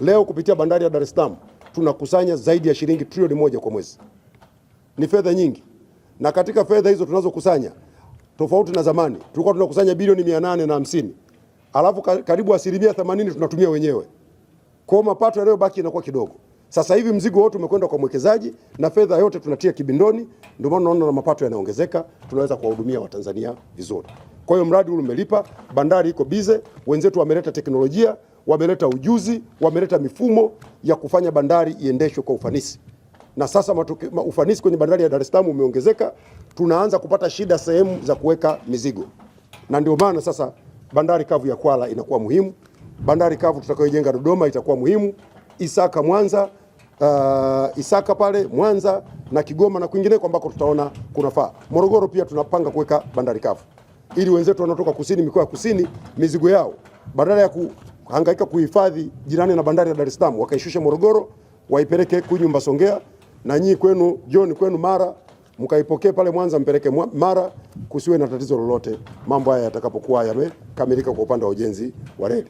Leo kupitia bandari ya Dar es Salaam tunakusanya zaidi ya shilingi trilioni moja kwa mwezi. Ni fedha nyingi, na katika fedha hizo tunazokusanya, tofauti na zamani tulikuwa tunakusanya bilioni mia nane na hamsini alafu karibu asilimia themanini tunatumia wenyewe. Kwa mapato yanayobaki inakuwa kidogo. Sasa hivi mzigo wote umekwenda kwa mwekezaji na fedha yote tunatia kibindoni, ndio maana unaona na mapato yanaongezeka, tunaweza kuwahudumia Watanzania vizuri. Kwa hiyo mradi huu umelipa, bandari iko bize, wenzetu wameleta teknolojia wameleta ujuzi, wameleta mifumo ya kufanya bandari iendeshwe kwa ufanisi, na sasa matoke, ma ufanisi kwenye bandari ya Dar es Salaam umeongezeka. Tunaanza kupata shida sehemu za kuweka mizigo, na ndio maana sasa bandari kavu ya Kwala inakuwa muhimu, bandari kavu tutakayojenga Dodoma itakuwa muhimu, Isaka Mwanza, uh, Isaka pale Mwanza na Kigoma na kwingineko ambako tutaona kunafaa. Morogoro pia tunapanga kuweka bandari kavu ili wenzetu wanaotoka kusini, mikoa ya kusini, mizigo yao badala ya ku, kuhangaika kuhifadhi jirani na bandari ya Dar es Salaam, wakaishusha Morogoro, waipeleke Kunyumba Songea, na nyi kwenu John kwenu Mara mkaipokee pale Mwanza mpeleke Mara, kusiwe na tatizo lolote mambo haya yatakapokuwa yamekamilika kwa upande wa ujenzi wa reli.